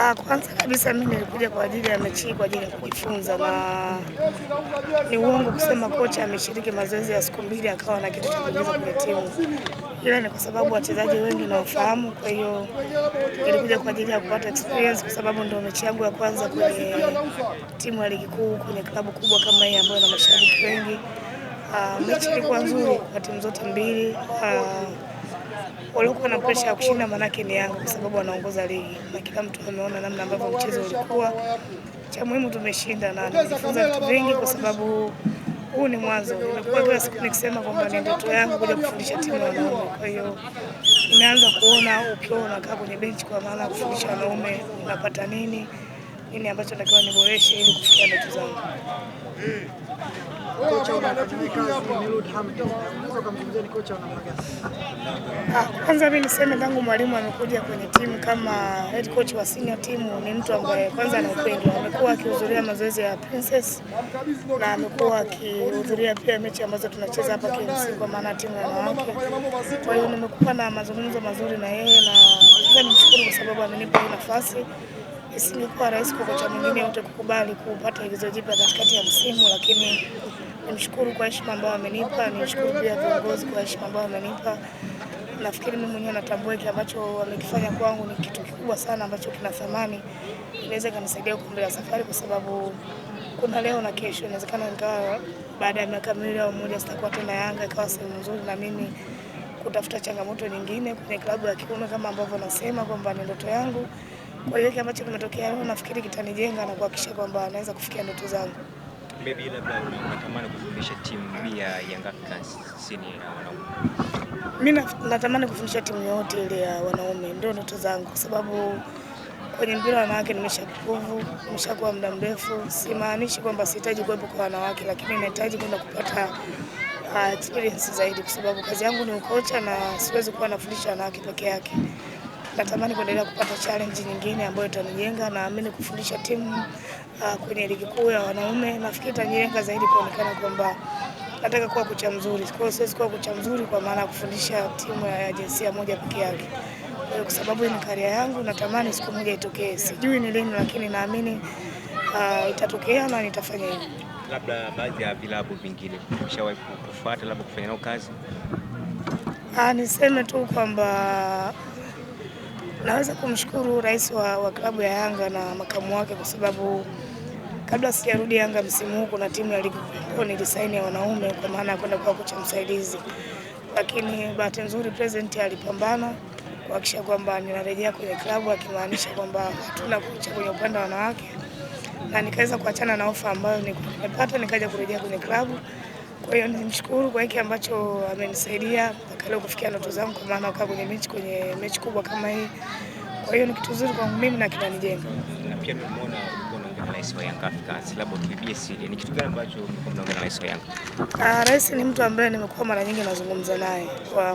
Ah, kwanza kabisa mimi nilikuja kwa ajili ya mechi kwa ajili ya kujifunza, na ni uongo kusema kocha ameshiriki mazoezi ya siku mbili akawa na kitu cha kwenye timu, ila ni kwa sababu wachezaji wengi nawafahamu. Kwa hiyo nilikuja kwa ajili ya kupata experience, kwa sababu ndio mechi yangu ya kwanza kwenye timu ya ligi kuu kwenye klabu kubwa kama hii ambayo ina mashabiki wengi. Uh, mechi ilikuwa nzuri kwa timu zote mbili uh, waliokuwa na presha ya kushinda manake ni Yanga kwa sababu anaongoza ligi, na kila mtu ameona namna ambavyo mchezo ulikuwa. Cha muhimu tumeshinda na nimejifunza vitu vingi, kwa sababu huu ni mwanzo. Nimekuwa kila siku nikisema kwamba ni ndoto yangu kuja kufundisha timu ya wanaume, kwa hiyo nimeanza kuona ukiwa unakaa kwenye benchi kwa maana ya kufundisha wanaume unapata nini, nini ambacho natakiwa niboreshe ili kufikia ndoto zangu. Kwanza mi niseme tangu mwalimu amekuja kwenye timu kama head coach wa senior timu, ni mtu ambaye kwanza ana upendo. Amekuwa akihudhuria mazoezi ya Princess na amekuwa akihudhuria pia mechi ambazo tunacheza hapa KMC kwa maana timu ya wanawake. Kwa hiyo nimekuwa na mazungumzo mazuri na yeye na nimshukuru kwa sababu amenipa hii nafasi. Isingekuwa rahisi kwa kocha mwingine yote kukubali kupata igizo jipya katikati ya msimu, lakini nimshukuru kwa heshima ambayo amenipa, nimshukuru pia viongozi kwa heshima ambayo amenipa. Nafikiri mimi mwenyewe natambua kile ambacho wamekifanya kwangu ni kitu kikubwa sana ambacho kina thamani, inaweza ikanisaidia kuendelea safari, kwa sababu kuna leo na kesho. Inawezekana nikawa baada ya miaka miwili au mmoja sitakuwa tena Yanga, ikawa sehemu nzuri na mimi kutafuta changamoto nyingine kwenye klabu ya kiume kama ambavyo nasema kwamba ni ndoto yangu. Kwa hiyo hiki ambacho kimetokea leo nafikiri kitanijenga na kuhakikisha kwamba naweza kufikia ndoto zangu. Maybe labda unatamani kufundisha timu ya Young Africans na wanaume. Mimi natamani kufundisha timu yote ile ya wanaume, ndio ndoto zangu kwa sababu kwenye mpira wanawake nimesha kuvu, nimeshakuwa muda mrefu. Simaanishi kwamba sihitaji kuwepo kwa wanawake, lakini nahitaji kwenda kupata uh, experience zaidi, kwa sababu kazi yangu ni ukocha na siwezi kuwa nafundisha wanawake peke yake natamani kuendelea kupata challenge nyingine ambayo itanijenga, naamini kufundisha timu uh, kwenye ligi kuu ya wanaume nafikiri itanijenga zaidi kuonekana kwamba nataka kuwa kocha mzuri. Kwa hiyo siwezi kuwa kocha mzuri kwa maana ya kufundisha timu ya jinsia moja peke yake, kwa sababu ni karia yangu, natamani siku moja itokee, sijui ni lini, lakini naamini uh, itatokea na nitafanya hivyo. Labda baadhi ya vilabu vingine umeshawahi kufuata labda kufanya nao kazi? Ah, niseme tu kwamba Naweza kumshukuru rais wa, wa klabu ya Yanga na makamu wake kwa sababu kabla sijarudi Yanga msimu huu kuna timu ya ligi kuu nilisaini ya wanaume kwa maana ya kwenda kuwa kocha msaidizi, lakini bahati nzuri president alipambana kuhakikisha kwamba ninarejea kwenye klabu, akimaanisha kwamba hatuna kocha kwenye upande wa wanawake, na nikaweza kuachana na ofa ambayo nimepata nikaja kurejea kwenye klabu. Kwa hiyo nimshukuru kwa hiki ambacho amenisaidia mpaka leo kufikia ndoto zangu, kwa maana ukaa kwenye mechi kwenye mechi kubwa kama hii. Kwa hiyo ni kitu kizuri kwangu mimi na kinanijenga. Na pia rais wa Yanga ni kitu gani ambacho rais wa Yanga? Ah, rais ni mtu ambaye nimekuwa mara nyingi nazungumza naye kwa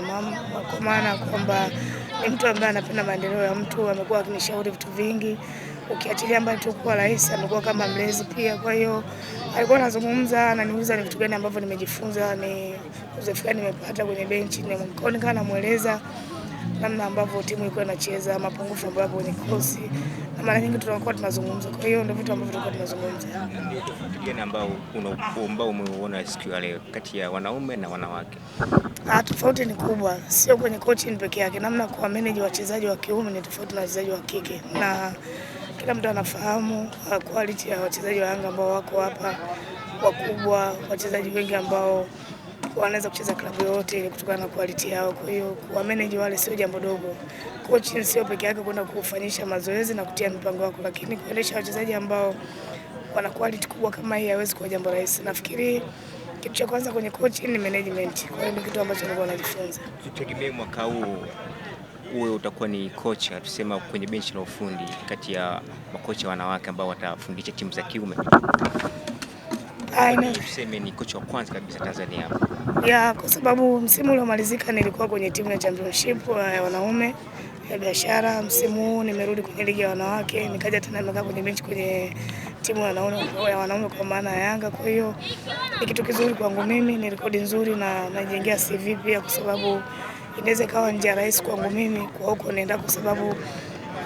kwa maana kwamba ni mtu ambaye anapenda maendeleo ya mtu, amekuwa akinishauri vitu vingi ukiachilia mbali tu kwa rais amekuwa kama mlezi pia. Kwa hiyo alikuwa anazungumza, ananiuliza ni vitu gani ambavyo nimejifunza, ni uzoefu gani nimepata kwenye benchi, nikawa namweleza namna ambavyo timu ilikuwa inacheza, mapungufu ambayo yapo kwenye kosi, na mara nyingi tunakuwa tunazungumza. Kwa hiyo ndio vitu ambavyo tulikuwa tunazungumza. Niambie tofauti gani ambao umeona siku ya leo kati ya wanaume na wanawake? Ah, tofauti ni kubwa, sio kwenye coaching peke yake, namna kwa manage wachezaji wa kiume ni tofauti na wachezaji wa kike na kila mtu anafahamu uh, quality ya wachezaji wa Yanga ambao wako hapa, wakubwa, wachezaji wengi ambao wanaweza kucheza klabu yoyote kutokana na quality yao. Kwa hiyo kwa manager wale sio jambo dogo. Coach sio peke yake kwenda kufanyisha mazoezi na kutia mipango yako, lakini kuendesha wachezaji ambao wana quality kubwa kama hii hawezi kuwa jambo rahisi. Nafikiri kitu cha kwanza kwenye coach ni management. Kwa hiyo ni kitu ambacho nilikuwa najifunza. Tutegemee mwaka huu uwe utakuwa ni kocha tusema kwenye benchi la ufundi kati ya makocha wanawake ambao watafundisha timu za kiume? Tuseme ni kocha wa kwanza kabisa Tanzania ya, kwa sababu msimu uliomalizika nilikuwa kwenye timu ya championship ya wanaume ya biashara. Msimu huu nimerudi kwenye ligi ya wanawake, nikaja tena nimekaa kwenye benchi kwenye timu ya wanaume kwa maana ya Yanga. Kwa hiyo ni kitu kizuri kwangu mimi, ni rekodi nzuri na najengea CV pia kwa sababu inaweza ikawa njia rahisi kwangu mimi kwa huko naenda, kwa sababu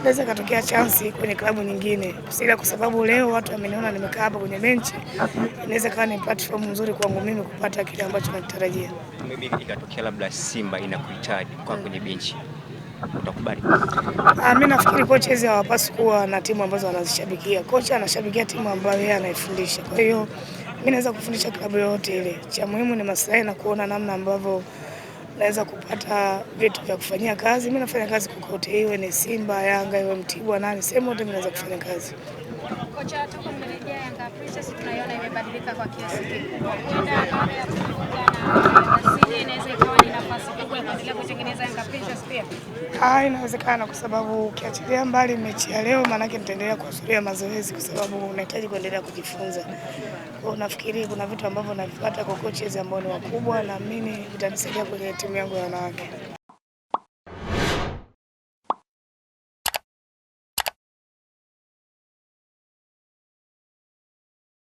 naweza katokea chansi kwenye klabu nyingine, sila kwa sababu leo watu wameniona nimekaa hapa kwenye benchi, inaweza kawa ni platform nzuri kwangu mimi kupata kile ambacho nakitarajia. Mimi ikatokea labda Simba inakuhitaji kwa kwenye benchi utakubali? Ah, mimi nafikiri kocha hizi hawapaswi kuwa na timu ambazo wanazishabikia. Kocha anashabikia timu ambayo yeye anaifundisha, kwa hiyo mimi naweza kufundisha klabu yoyote ile. Cha muhimu ni maslahi na kuona namna ambavyo naweza kupata vitu vya kufanyia kazi. Mimi nafanya kazi kokote, iwe ni Simba, Yanga, iwe Mtibwa, nani, sehemu yote mimi naweza kufanya kazi. Kocha, toka mmerejea Yanga Princess tunaiona imebadilika kwa kiasi kikubwa. inaweza nafasi Ah, inawezekana kwa sababu ukiachilia mbali mechi ya leo, maanake nitaendelea kuhudhuria mazoezi kwa sababu unahitaji kuendelea kujifunza. Kwa nafikiri kuna vitu ambavyo navipata kwa coaches ambao ni wakubwa, naamini vitanisaidia kwenye timu yangu ya wanawake.